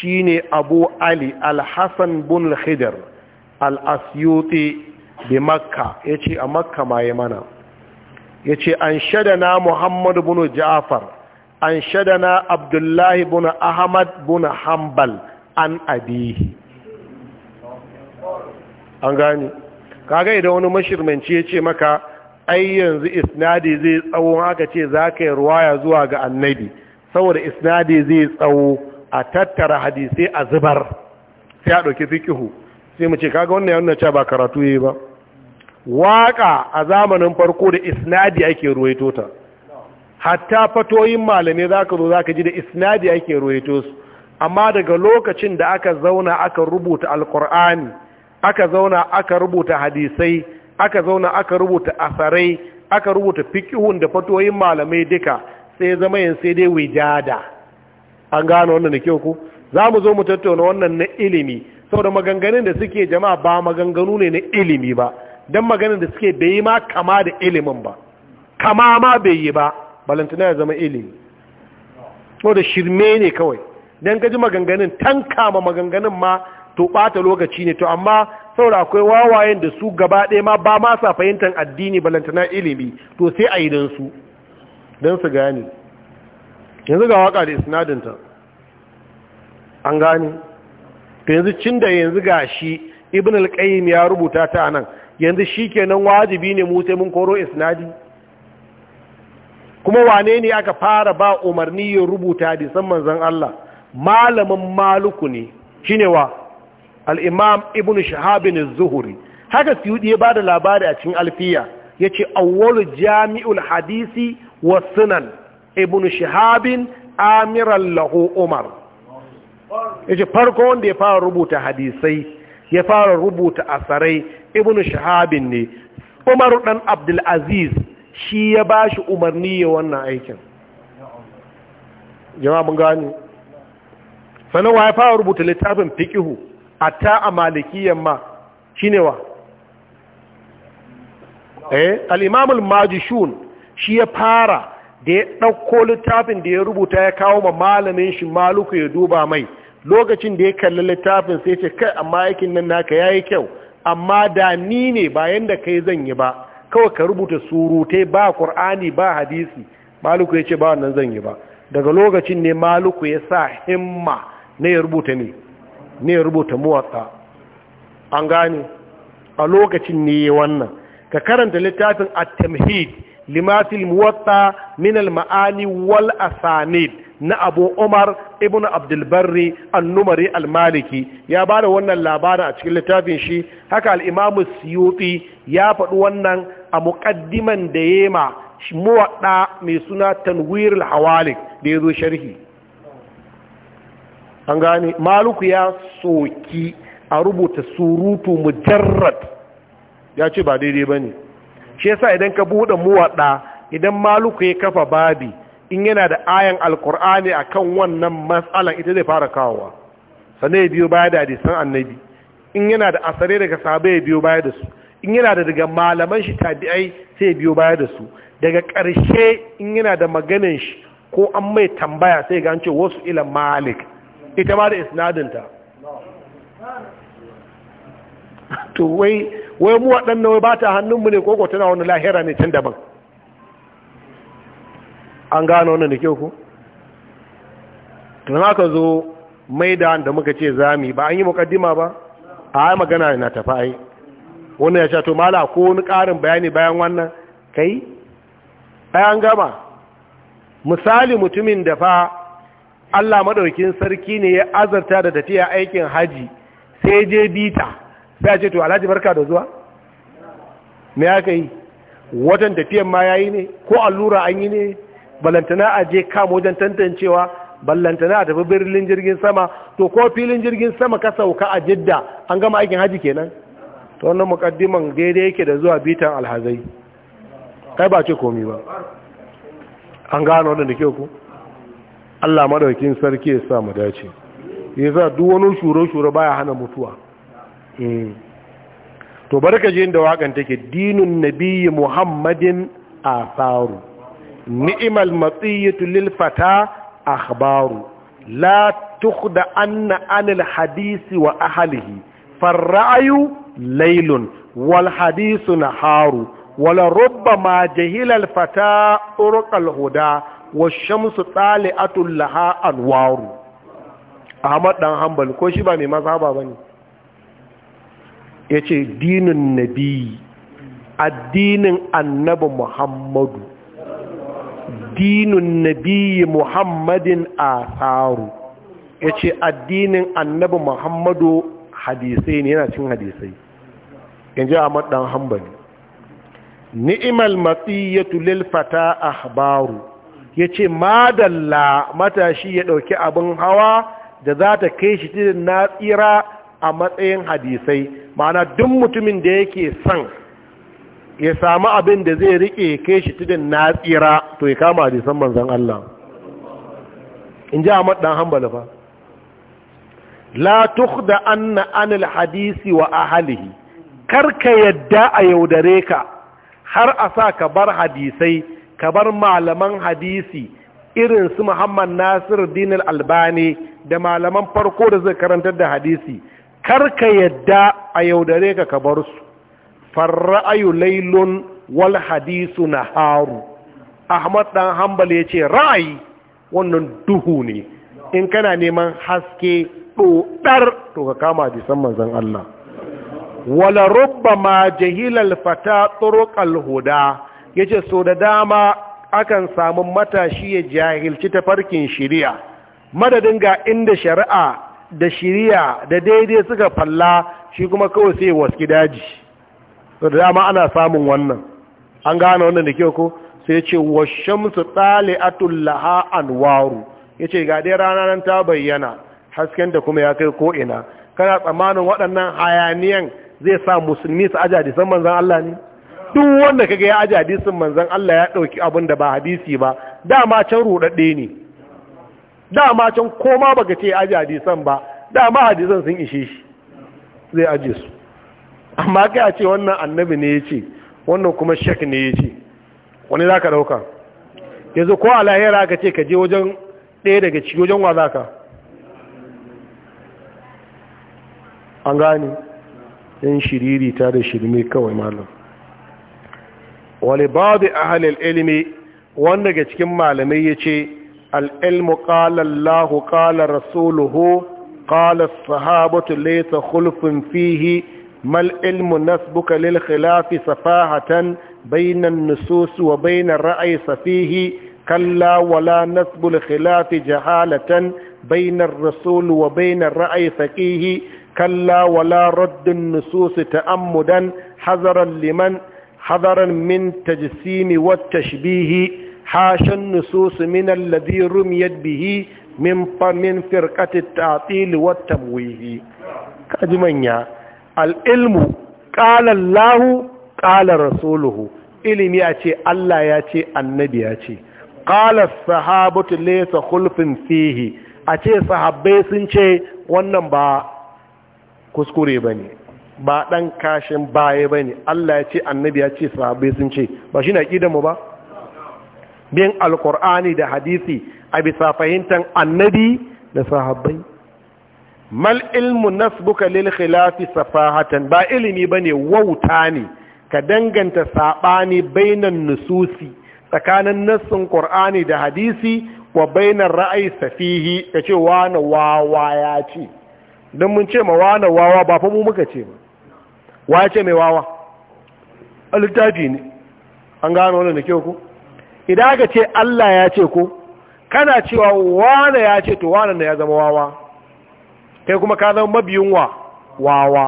shine abu ali al-hassan bin al-khidr al-asyuti bi makka yace a makka maye mana yace an shadana muhammad bin ja'far an shadana abdullahi bin ahmad bin hanbal an abihi an gani kaga idan wani mashirmanci yace maka ai yanzu isnadi zai tsawo haka ce zaka yi ruwaya zuwa ga annabi saboda isnadi zai tsawo a tattara hadisai a zubar sai a ɗauki fikihu sai mu ce kaga wannan yana cewa ba karatu yayi ba waka a zamanin farko da isnadi ake ruwaito ta hatta fatoyin malamai zaka zo zaka ji da isnadi ake ruwaito su amma daga lokacin da aka zauna aka rubuta alkur'ani aka zauna aka rubuta hadisai aka zauna aka rubuta asarai aka rubuta fikihun da fatoyin malamai duka sai zama yin sai dai wijada an gano wannan da kyau ku za mu zo mu tattauna wannan na ilimi saboda maganganun da suke jama'a ba maganganu ne na ilimi ba don maganin da suke bai yi ma kama da ilimin ba kama ma bai yi ba balantana ya zama ilimi ko da shirme ne kawai don ji maganganun tan kama maganganun ma to ɓata lokaci ne to amma saboda akwai wawayen da su gaba ɗaya ma ba ma sa fahimtar addini balantana ilimi to sai a yi don su dan su gane yanzu ga waka da isnadinta an gane to yanzu cin da yanzu ga shi ibn alƙayyim ya rubuta ta nan yanzu shi kenan wajibi ne mu sai mun koro isnadi kuma wane ne aka fara ba umarni ya rubuta hadisan zan Allah malamin maluku ne shine wa al-imam ibn shahab az-zuhri haka suyudi ya da labari a cikin alfiya yace awwalu jami'ul hadisi wa sunan ibn shihabin amiran lahu umar yace farko wanda ya fara rubuta hadisai ya fara rubuta asarai ibn shihabin ne umar dan abdul aziz shi ya bashi umarni ya wannan aikin jama'a mun gani sannan wa ya fara rubuta littafin fiqihu atta a malikiyan ma shine wa eh al-imam al-majishun shi ya fara da ya ɗauko littafin da ya rubuta ya kawo ma malamin shi maluku ya duba mai lokacin da ya kalli littafin sai ce kai amma aikin nan naka ya yi kyau amma da ni ne bayan da kai zan yi ba kawai ka rubuta surutai ba ƙur'ani ba hadisi maluku ya ce ba wannan zan yi ba daga lokacin ne maluku ya sa himma ne ya rubuta ne ne ya rubuta muwatsa an gane a lokacin ne wannan ka karanta littafin at-tamhid limatil muwatta من maani wal asanid na abu umar ibn abdulbarri annumari almaliki ya ba da wannan labarin a cikin littafin shi haka al'imamu siyuti ya faɗi wannan a muƙaddiman da ya ma muwaɗa mai suna tanwir al-hawalik da ya zo sharhi an gani maluku ya soki a rubuta surutu mujarrad ya ce ba daidai ba ne shi yasa idan ka buɗe muwaɗa idan maluku ya kafa babi in yana da ayan alkur'ani akan wannan matsalan ita zai fara kawowa sannan ya biyo baya da hadisan annabi in yana da asare daga sahabbai ya biyo baya da su in yana da daga malaman shi tabi'ai sai ya biyo baya da su daga karshe in yana da maganin shi ko an mai tambaya sai ga an ce wasu ila malik ita ma da isnadinta to wai wai mu waɗanda wai ba ta hannunmu ne koko tana wani lahira ne can daban an gano wani da kyau ku tun haka zo mai da muka ce zami ba an yi mukaddima ba a yi magana na tafi ai wani ya sha to mala ko wani ƙarin bayani bayan wannan kai ai an gama misali mutumin da fa Allah maɗaukin sarki ne ya azarta da tafiya aikin haji sai je bita sai a ce to alhaji barka da zuwa me aka yi wajen tafiyan ma yayi ne ko allura an yi ne ballantana a je kama wajen tantancewa ballantana a tafi birnin jirgin sama to ko filin jirgin sama ka sauka a jidda an gama aikin haji kenan to wannan mukaddiman daidai yake da zuwa bitan alhazai kai ba ce komi ba an gano wadanda ke ku Allah madaukin sarki ya sa mu dace yasa duk wani shure-shure baya hana mutuwa Eh. to barka je inda wakan take dinin nabiyyi muhammadin asaru ni'mal matsiyatu lil fata akhbaru la tukhda anna anil hadisi wa ahlihi farra'ayu laylun wal hadisu naharu wala rubbama jahila al fata urqal huda shamsu taliatul laha anwaru ahmad dan hanbal ko shi ba mai mazhaba bane ya ce dinin nabi addinin annabi muhammadu dinin nabi muhammadin asaru ya ce addinin annabi muhammadu hadisai ne yana cin hadisai in ji ahmad dan hambali ni'imal matsi ya tulil fata habaru. ya ce madalla matashi ya ɗauki abin hawa da za ta kai shi na tsira a matsayin hadisai ma'ana duk mutumin da yake son ya samu abin da zai rike kai shi tudun na tsira to ya kama san manzan Allah in ji Ahmad dan Hanbali fa la tukhda anna anil hadisi wa ahlihi ka yadda a yaudare ka har a sa ka bar hadisai ka bar malaman hadisi irin su Muhammad Nasir dinar Albani da malaman farko da zai karantar da hadisi karka yadda a yaudare ka ka bar su farra'ayu lailun wal hadisu na haru ahmad dan hambal ya ce ra'ayi wannan duhu ne in kana neman haske ɗoɗar to ka kama a hadisan manzan Allah wala rubba ma jahilal fata turuqal huda yace so da dama akan samu matashi ya jahilci ta farkin shari'a madadin ga inda shari'a da shiriya da daidai suka falla shi kuma kawai sai waski daji da dama ana samun wannan an gane wannan da kyau ko sai ce washamsu tsali'atul laha anwaru yace ga dai rana nan ta bayyana hasken da kuma ya kai ko'ina kana tsammanin waɗannan hayaniyan zai sa musulmi su ajadi hadisan manzan Allah ne duk wanda kaga ya ajadi hadisin manzan Allah ya ɗauki abin da ba hadisi ba dama can ruɗaɗɗe ne dama can koma baka ce aji hadisan ba dama hadisan sun ishe shi zai aje su amma kai a ce wannan annabi ne ya ce wannan kuma shek ne ya ce wani za ka ɗauka yanzu ko a lahira ka ce ka je wajen ɗaya daga ciki wajen wa za ka an gani yan shiriri ta da shirme kawai malam wani babu ahalil ilimi wanda daga cikin malamai ya ce العلم قال الله قال رسوله قال الصحابة ليس خلف فيه ما العلم نسبك للخلاف سفاهة بين النصوص وبين الرأي سفيه كلا ولا نسب الخلاف جهالة بين الرسول وبين الرأي فقيه كلا ولا رد النصوص تأمدا حذرا لمن حذرا من تجسيم والتشبيه hashan nusus min alladhi rumiyat bihi min min firqati at-ta'til wa tamwihi kaji manya Al'ilmu ilmu lahu, Allah rasuluhu ilimi a ce Allah ya ce annabi ya ce Ƙalar sahabatu lesa hulfin fihi a ce sahabai sun ce wannan ba kuskure ne, ba ɗan kashin baye bane Allah ya ce annabi ya ce sahabai sun ce ba shine aqidar mu ba bin alkur'ani da hadisi a bisa fahimtar annabi da sahabbai mal ilmu nasbuka lil khilafi safahatan ba ilimi bane wauta ne ka danganta sabani bainan nususi tsakanin nassin qur'ani da hadisi wa bainar ra'ayi safihi Ka ce wani wawa ya ce don mun ce ma wani wawa ba fa mu muka ce ba wa ce mai wawa littafi ne an gano wani da kyau ku idan aka ce Allah ya ce ko kana cewa wane ya ce to wane ne ya zama wawa kai kuma ka zama mabiyin wa wawa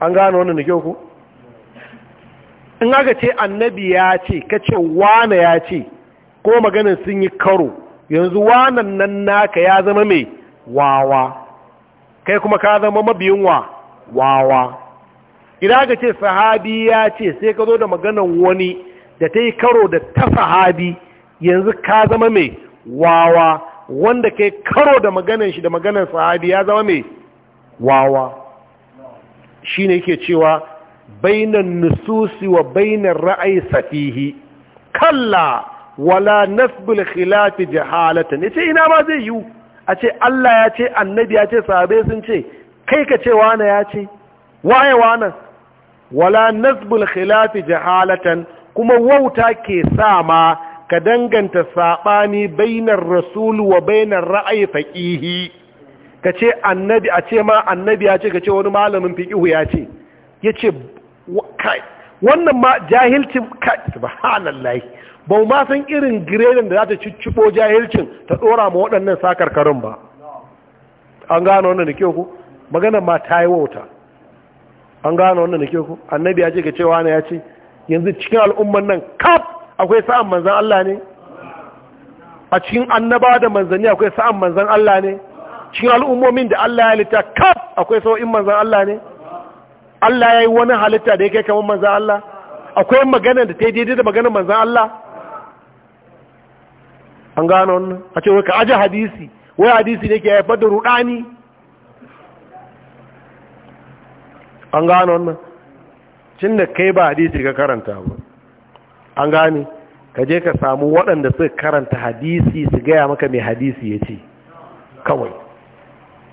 an gano wannan da kyau ko in aka ce annabi ya ce ka ce wane ya ce ko maganin sun yi karo yanzu wanan nan naka ya zama mai wawa kai kuma ka zama mabiyin wa wawa idan aka ce sahabi ya ce sai ka zo da maganan wani da ta yi karo da ta sahabi yanzu ka zama mai wawa wanda ka yi karo da maganan shi da maganan sahabi ya zama mai wawa shi ne yake cewa bainan nususi wa bainan ra'ayi safihi kalla wala nasbul khilafi jahalatan yace ina ma zai yiwu a ce Allah ya ce annabi ya ce sahabe sun ce kai ka ce wane ya ce waye wane wala nasbul khilafi jahalatan kuma wauta ke sa ma ka danganta saɓani bainar rasulu wa bainar ra'ayi faƙihi ka ce annabi a ce ma annabi ya ce ka ce wani malamin fiƙihu ya ce ya ce wannan ma jahilcin subhanallahi ba ma san irin giredin da za ta cicciɓo jahilcin ta ɗora ma waɗannan sakarkarin ba an gano wannan da kyau ku maganar ma ta yi wauta an gano wannan da kyau ku annabi ya ce ka ce wani ya ce yanzu cikin al'umman nan kaf akwai sa'an manzan Allah ne a cikin annaba da manzanni akwai sa'an manzan Allah ne cikin al'ummomin da Allah ya halitta kaf akwai sau'in manzan Allah ne Allah ya yi wani halitta da ya kai kamar manzan Allah akwai magana da ta yi daidai da magana manzan Allah an gano wannan a ce ka aji hadisi wai hadisi ne ke haifar da ruɗani? an gano wannan cin da kai ba hadisi ka karanta ba an gane ka je ka samu waɗanda suka karanta hadisi su gaya maka mai hadisi ya ce kawai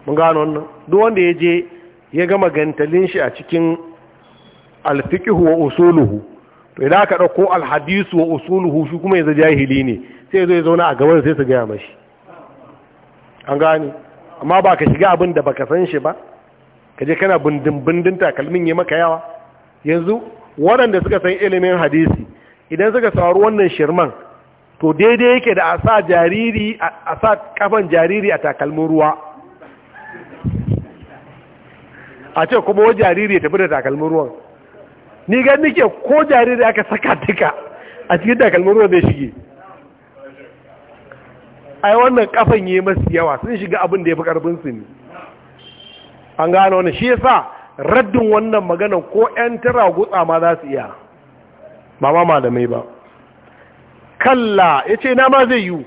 mun gano wannan duk wanda ya je ya gama gantalin shi a cikin alfikihu wa usuluhu to idan aka ɗauko alhadisu wa usuluhu shi kuma yanzu jahili ne sai ya zo ya zauna a gaban sai su gaya mashi an gane amma ba ka shiga abin da baka san shi ba ka je kana bindin bindin takalmin ya maka yawa yanzu waɗanda suka san ilimin hadisi idan suka sauri wannan shirman to daidai yake da a sa kafan jariri a takalmin ruwa a ce kuma wani jariri ya tafi da takalmin ruwan ni gan nike ko jariri aka saka duka a cikin takalmin ruwan zai shige ai wannan kafan yi masu yawa sun shiga abin da ya fi karfin su ne an gano wani shi yasa raddin wannan magana ko 'yan tara gutsa ma za su iya ba ma malamai ba kalla ya ce na ma zai yi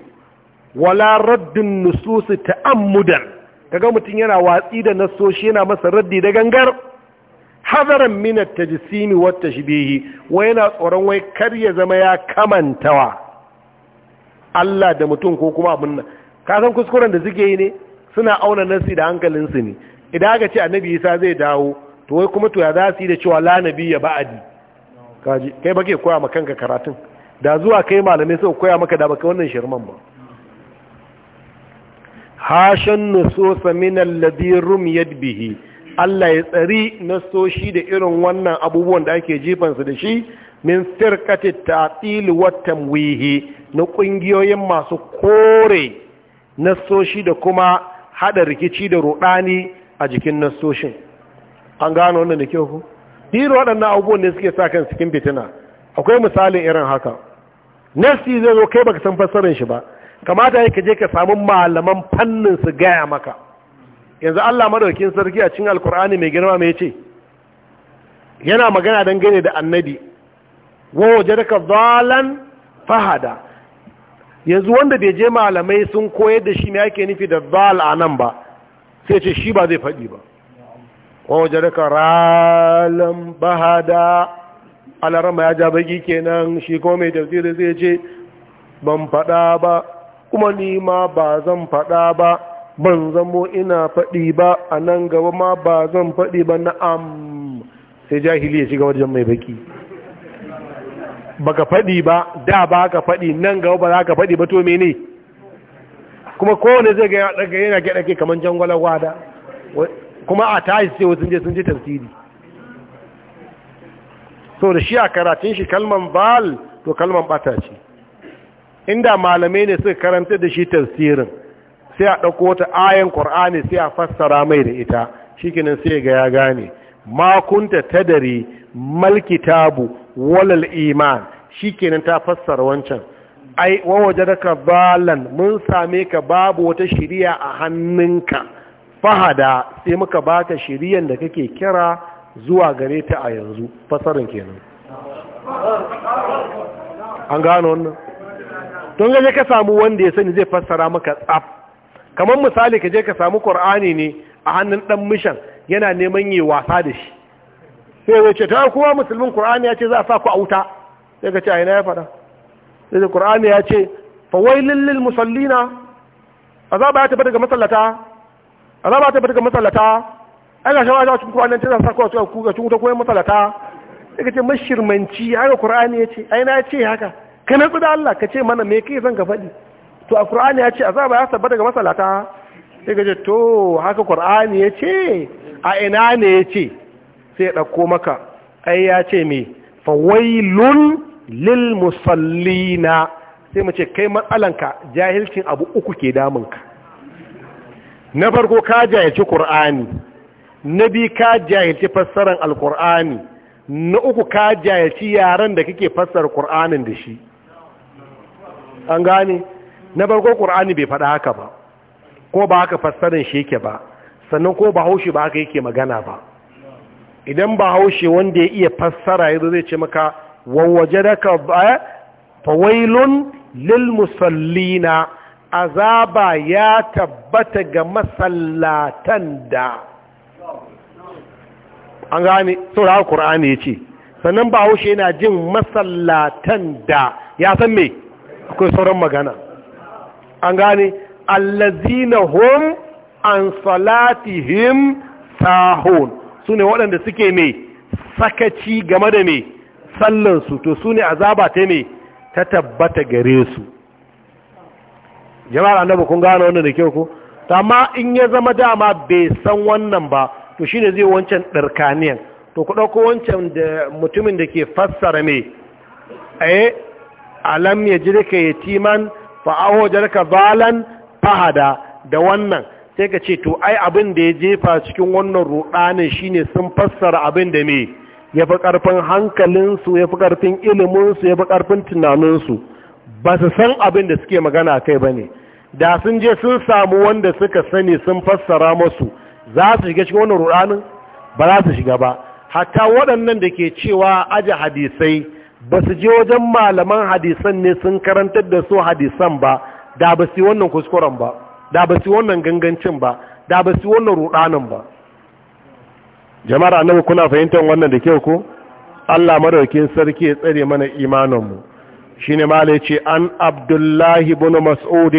wala raddin nususi ta'ammudan ga mutum yana watsi da nasoshi yana masa raddi da gangar hazaran minar ta ji simi wata shi shibihi wai yana tsoron wai kar ya zama ya kamantawa Allah da mutum ko kuma abin nan kasan kuskuren da suke yi ne suna auna nasi da hankalinsu ne idan aka ce annabi isa zai dawo to wai kuma to ya za su yi da cewa la ya ba'adi kaji kai ba ke koya ma kanka karatun da zuwa kai malamai suka koya maka da baka wannan shirman ba hashan nususa min alladhi rumiyat bihi Allah ya tsari nasoshi da irin wannan abubuwan da ake su da shi min firqati ta'til wa tamwihi na kungiyoyin masu kore nasoshi da kuma hada rikici da rudani a jikin nassoshin an gano wannan da kyau ku Biro waɗannan abubuwan ne suke sa kan cikin fitina akwai misalin irin haka nassi zai zo kai baka san fassarar shi ba kamata yake je ka samu malaman fannin su gaya maka yanzu Allah madaukakin sarki a cikin alkur'ani mai girma mai ce yana magana dangane da annabi wa wajadaka dhalan fahada yanzu wanda bai je malamai sun koyar da shi me ake nufi da dhal anan ba sai ce shi ba zai faɗi ba wajen daga ralan bahada alarama ya ja baki kenan shi kuma mai tafsiri zai ce ban faɗa ba kuma ni ma ba zan faɗa ba ban zamo ina faɗi ba a nan gaba ma ba zan faɗi ba na am sai jahili ya shiga wajen mai baki baka faɗi ba da ba ka faɗi nan gaba ba za ka faɗi ba to mene ne kuma kowane zai ga daga yana gyaɗa ke kamar jangwalar wada kuma a tashi sai wasu je sun je tafsiri so da shi a karatun shi kalman bal to kalman bata ce inda malamai ne suka karanta da shi tafsirin sai a ɗauko wata ayan ƙur'ani sai a fassara mai da ita shikenan sai ga ya gane Makunta kunta tadari mal kitabu walal iman shikenan ta fassara wancan ai wawajadaka balan mun same ka babu wata shiriya a hannunka fahada sai muka baka shiriyan da kake kira zuwa gare ta a yanzu fasarin kenan an gano wannan don gaje ka samu wanda ya sani zai fassara maka tsaf kamar misali ka je ka samu qur'ani ne a hannun dan mishan yana neman yi wasa da shi sai ya ce ta kuma musulmin qur'ani ya ce za a sa ku a wuta sai ka ce a ina ya fada sai da qur'ani ya ce fawailil lil musallina azaba ya tabbata ga masallata azaba ya tabbata ga masallata ai ga shawara cikin qur'ani tana sa ku ku ga cikin ko masallata sai ce mashirmanci ga qur'ani ya ce ai na ce haka ka natsu da Allah ka ce mana me kai zan ka faɗi to a qur'ani ya ce azaba ya tabbata ga masallata sai ka ce to haka qur'ani ya ce a ina ne ya ce sai ya ɗauko maka ai ya ce me fawailun lil musallina sai mu ce kai matsalanka jahilcin abu uku ke damunka na farko ka jahilci qur'ani na biyu ka jahilci fassarar alqur'ani na uku ka jahilci yaran da kake fassara qur'anin da shi an gane na farko qur'ani bai faɗa haka ba ko ba haka fassarar shi yake ba sannan ko ba haushi ba haka yake magana ba idan ba haushe wanda ya iya fassara yanzu zai ce maka wawajadaka eh, fawailun lil musallina azaba ya tabbata ga masallatan da an gane saura qur'ani yace sannan ba haushe yana jin masallatan da ya san me akwai sauran magana an gane allazina hum an salatihim sahun sune waɗanda suke me sakaci game da me sallansu to su ne azaba ta ne ta tabbata gare su jama'ar annabi kun gano wannan da kyau ko amma in ya zama dama bai san wannan ba to shine zai wancan darkaniyan to ku ɗauko wancan da mutumin da ke fassara mai eh alam ya yatiman fa yatiman jaraka zalan balan fahada da wannan sai ka ce to ai abin da ya jefa cikin wannan rudanin shine sun fassara abin da me. ya fi ƙarfin hankalinsu ya fi ƙarfin iliminsu ya fi ƙarfin tunaninsu ba su san abin da suke magana kai ba ne da sun je sun samu wanda suka sani sun fassara masu za su shiga cikin wani ruɗanin ba za su shiga ba hatta waɗannan da ke cewa aji hadisai ba su je wajen malaman hadisan ne sun karantar da su hadisan ba da ba su yi wannan kuskuren ba da ba su yi wannan gangancin ba da ba su yi wannan ruɗanin ba jama'ar annabi kuna fahimtar wannan da kyau ko Allah madaukin sarki ya tsare mana imaninmu shine mala yace an abdullahi ibn mas'ud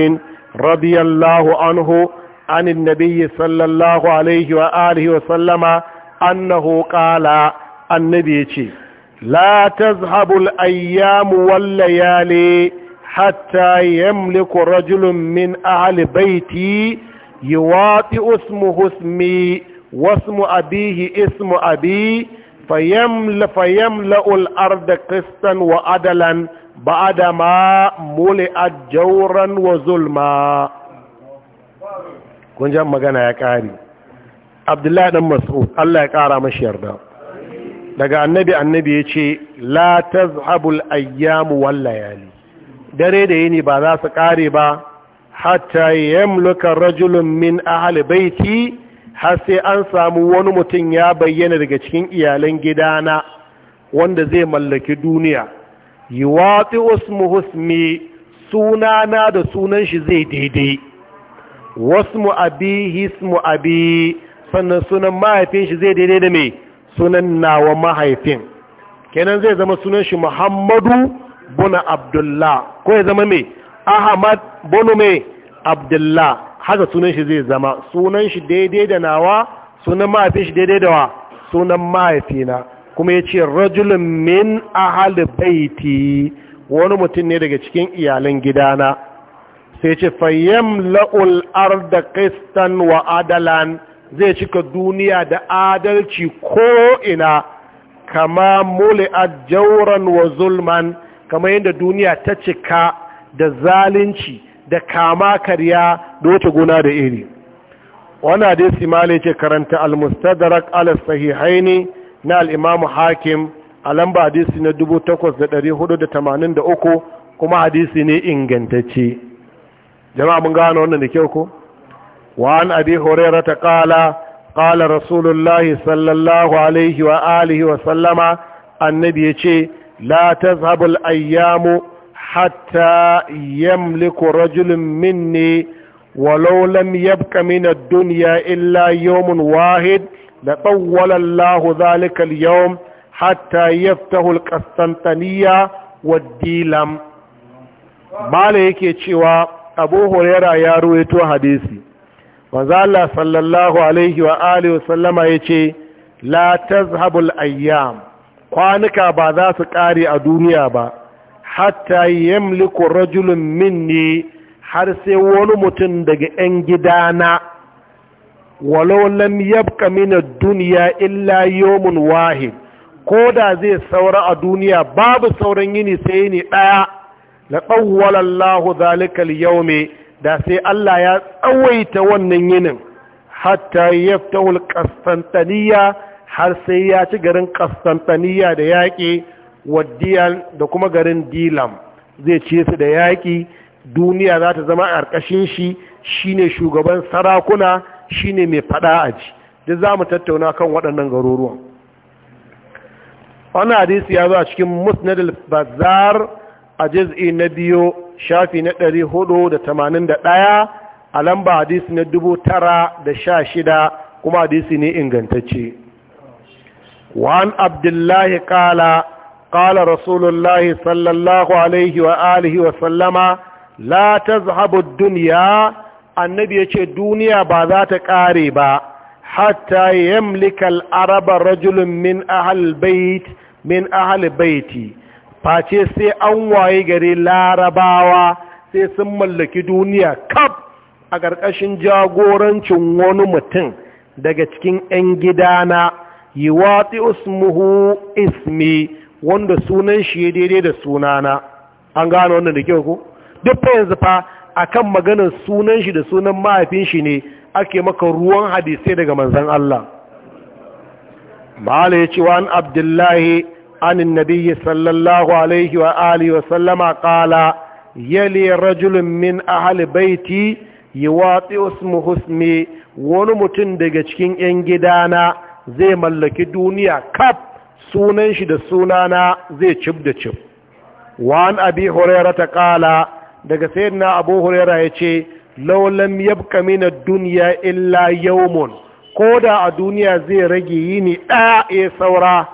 radiyallahu anhu an annabi sallallahu alaihi wa alihi wa sallama annahu qala annabi yace la tazhabu al-ayyam wal layali hatta yamliku rajulun min ahli baiti yuwati ismuhu ismi واسم أبيه اسم أبي فيمل فيملأ الأرض قسطا وعدلا بعدما ملئت جورا وظلما kun jan magana ya ƙari abdullahi ɗan mas'ud Allah ya ƙara mashi yarda daga annabi annabi ya ce la tazhabul ayyamu wal layali dare da yini ba za su ƙare ba hatta yamluka rajulun min ahli baiti har sai an samu wani mutum ya bayyana daga cikin iyalan gidana wanda zai mallaki duniya yi watsi usmu husmi sunana da sunan shi zai daidai wasmu abi hismu abi sannan sunan mahaifin shi zai daidai da mai sunan nawa mahaifin kenan zai zama sunan shi muhammadu buna abdullah ko ya zama mai ahmad bunu mai abdullah haka sunan shi zai zama sunan shi daidai da nawa sunan mahaifin shi daidai da wa sunan mahaifina kuma ya ce rajulun min a baiti wani mutum ne daga cikin iyalan gidana sai ce fayyam la'ul arda kristan wa adalan zai cika duniya da adalci ko ina kama a jauran wa zulman kama yadda duniya ta cika da zalunci da kama karya doce gona da iri Wani hadisi male ce karanta al-mustadrak al sahihaini na al-imamu hakim a lamba hadisi na 8483 kuma hadisi ne ingantacce jama'a mun gano wannan da kyau ko wa an abi hurairah ta qala qala rasulullahi sallallahu alaihi wa alihi wa sallama annabi yace la tazhabu al-ayyamu hatta yamliku rajulun minni walau lam yabqa min ad illa yawmun wahid da tawwala Allahu dhalika al-yawm hatta yaftahu al-qastantaniya wad-dilam mala yake cewa Abu Hurairah ya ruwaito hadisi manzo Allah sallallahu alaihi wa alihi wa sallama la tazhabul ayyam kwanuka ba za su kare a duniya ba hatta yamliku rajulun ne. har sai wani mutum daga 'yan gidana walau lam yabka mina duniya illa yomun wahid ko da zai saura a duniya babu sauran yini sai yini ɗaya na tsawwalallahu zalikal yaume da sai Allah ya tsawaita wannan yinin hatta yaftahul qastantaniya har sai ya ci garin qastantaniya da yaƙi waddiyan da kuma garin dilam zai ci su da yaƙi duniya za ta zama a ƙarƙashin shi shine shugaban sarakuna shine mai fada a ji duk za mu tattauna kan waɗannan garuruwan wani hadisi ya zo a cikin musnadil bazar a jiz'i na biyu shafi na ɗari hudu da tamanin da ɗaya a lamba hadisi na dubu tara da sha shida kuma hadisi ne ingantacce wa'an abdullahi kala kala rasulullahi sallallahu alaihi wa alihi wa sallama la zahabu duniya, annabi ya ce duniya ba za ta ƙare ba hatta yamlikal araba rajulun min ahal bait min ahli baiti face sai an waye gari larabawa sai sun mallaki duniya kaf a ƙarƙashin jagorancin wani mutum daga cikin 'yan gidana yi watsi usmuhu ismi wanda sunan shi daidai da sunana an gano wannan da kyau ku? duk fa yanzu fa akan maganar sunan shi da sunan mahaifin shi ne ake maka ruwan hadisai daga manzon Allah mala yace wa an abdullahi an annabi sallallahu alaihi wa alihi wa sallama qala yali rajulun min ahli baiti yuwati ismuhu husme, wani mutum daga cikin yan gidana zai mallaki duniya kaf sunan shi da sunana zai cib da cib wa an abi hurairata qala daga na abu huraira ya ce laulam yabka mina duniya illa yawmun ko da a duniya zai rage yini ɗaya ya saura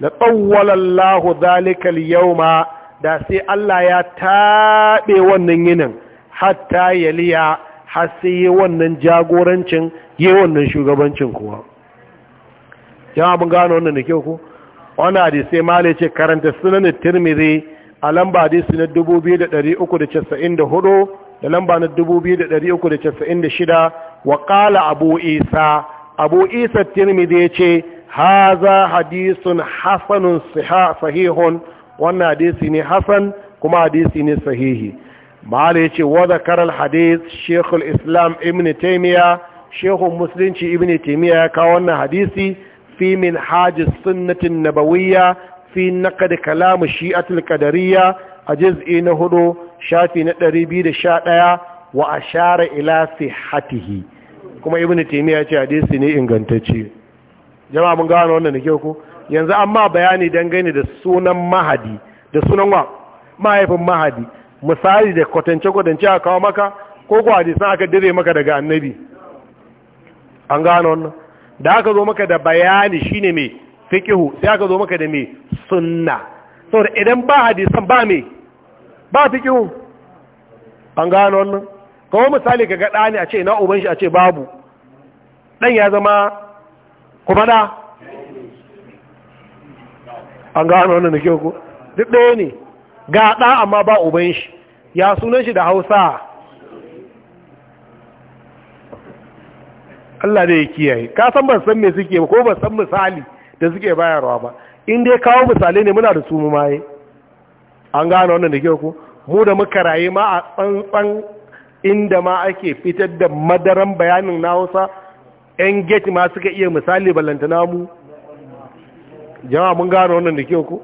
da tsawwala Allahu zalikal yawma da sai Allah ya taɓe wannan yinin hatta yaliya har sai yi wannan jagorancin yi wannan shugabancin kuwa jama'a mun gano wannan da kyau ku wani hadisai ma ce karanta sunan tirmidhi a lamba hadisi na 2394 da lamba na 2396 wa qala abu isa abu isa tirmidhi yace haza hadisun hasanun sahihun wannan hadisi ne hasan kuma hadisi ne sahihi mala yace ce zakara al hadith islam ibn Taimiyya shaykhun musulunci ibn Taimiyya ya kawo wannan hadisi fi min hajis sunnatin nabawiyya fi naqd kalam shi'atul qadariyya a juz'i na hudu shafi na 211 wa ashara ila sihhatihi kuma ibnu taymiya ce hadisi ne ingantacce jama'a mun gano wannan da kyau ko yanzu amma bayani dangane da sunan mahadi da sunan wa mahaifin mahadi misali da kwatance-kwatance a kawo maka ko ko hadisan aka dire maka daga annabi an gano wannan da aka zo maka da bayani shine mai fikihu sai aka zo maka da me sunna saboda idan ba hadisan ba me ba fikihu an gano wannan kawo misali ka ga ne a ce na uban shi a ce babu ɗan ya zama kuma na an gano wannan da kyau ko duk ɗaya ne ga ɗa amma ba uban shi ya sunan shi da hausa Allah da ya kiyaye ka san ban san me suke ba ko ban san misali da suke bayarwa ba in dai kawo misalai ne muna da su mu maye an gane wannan da kyau mu da muka raye ma a tsantsan inda ma ake fitar da madaran bayanin na Hausa yan get ma suka iya misali ballantana mu jama'a mun gane wannan da kyau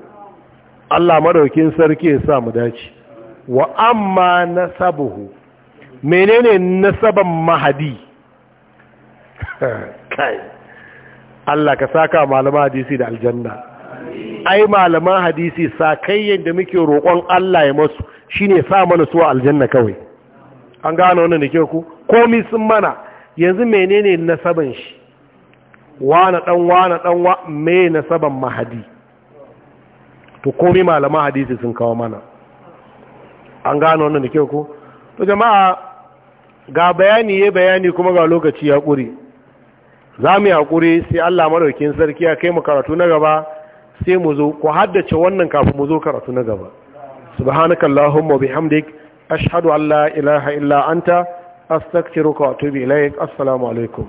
Allah madaukin sarki ya sa mu dace wa amma nasabuhu menene nasaban mahadi kai Allah ka saka malaman hadisi da aljanna ai malaman hadisi sakayyen da muke roƙon Allah ya masu shine sa mana su aljanna kawai an gano wannan da ke ku komai sun mana yanzu menene nasaban shi wana dan wana dan wa me nasaban mahadi to komai malaman hadisi sun kawo mana an gano wannan da ke ku to jama'a ga bayani ya bayani kuma ga lokaci ya ƙure za mu yi haƙuri sai allah maɗaukin sarki ya kai mu karatu na gaba sai mu zo ku haddace wannan kafin mu zo karatu na gaba subhanakallahumma bihamdik ashhadu an la ilaha illa anta astaghfiruka wa atubu ilaik assalamu alaikum